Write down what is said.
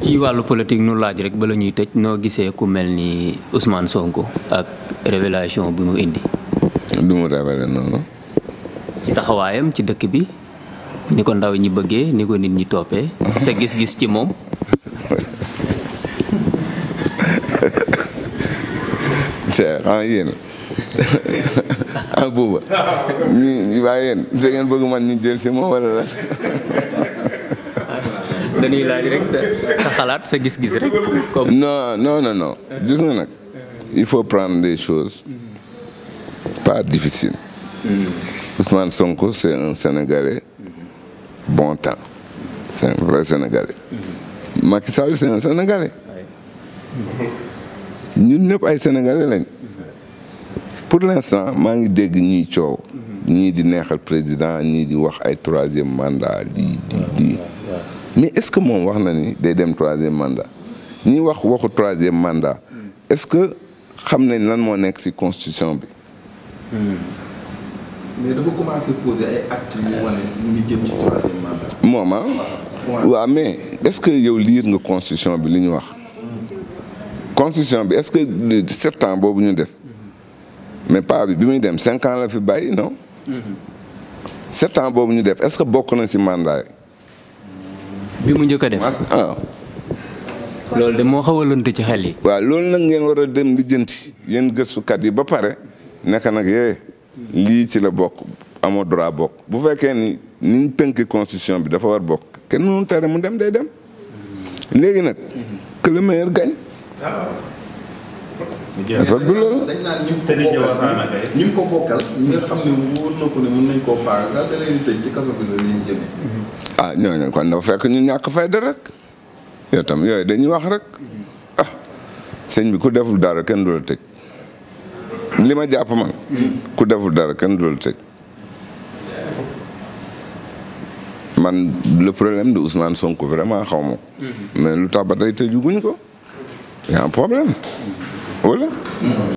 ci wàllu politique nu laaj rek bala ñuy tëj noo gisee ku mel ni usmaan Sonko ak révélation bi mu indi. du ci taxawaayam ci dëkk bi ni ko ndaw ñi bëggee ni ko nit ñi toppee. sa gis-gis ci moom. c'est ah yéen ah booba ñu waaye yéen da ngeen bëgg ñu jël si moom wala la. dañuy laaj rek sa xalaat gis-gis gis nga nag il faut prendre des choses pas difficiles. Mm. Ousmane Sonko c'est un Sénégalais bon temps c'est un vrai Sénégalais. Mm-hmm. c'est un Sénégalais. ñun ñëpp ay Sénégalais lañ. Mm-hmm. pour l'instant maa ngi dégg ñuy coow. Mm-hmm. ñii di neexal président ñii di wax ay troisième mandat di di di. mais est-ce que moom wax na ni day dem troisième mandat ñi wax waxu troisième mandat est-ce que xam nañ lan moo nekk ci constitution bi. mais dafa commencé poser moom ah. waaw mais est-ce que yow liir nga constitution bi li ñu wax. constitution bi est-ce que sept ans boobu ñu def. mais pas bi bi muy dem cinq la fi bàyyi non. Mm-hmm. sept boobu ñu def est-ce que bokk na si mandat bi mu njëkk a def waaw. Ah. de moo xaw a lënt ci xel yi. waaw loolu nag ngeen war a dem di jënti yéen gëstukat yi ba pare naka nag yee eh, lii ci la bokk amoon droit bokk bu fekkee ni niñ tënk constition bi dafa war bokk kenn mënu tere mu dem day dem léegi nag que gañ dafa du loolu dañ naan ko bokkal ñi nga xam ah, kon dafa fekk ñu ñàkk fayda rek yow tam yooyu dañuy wax rek ah sëñ bi ku deful dara kenn du la tëj li ma jàpp man ku deful dara kenn du tëj man le problème de Ousmane Sonko vraiment xaw ma mm-hmm. mais lu tax ba tey tëjuguñ ko y problème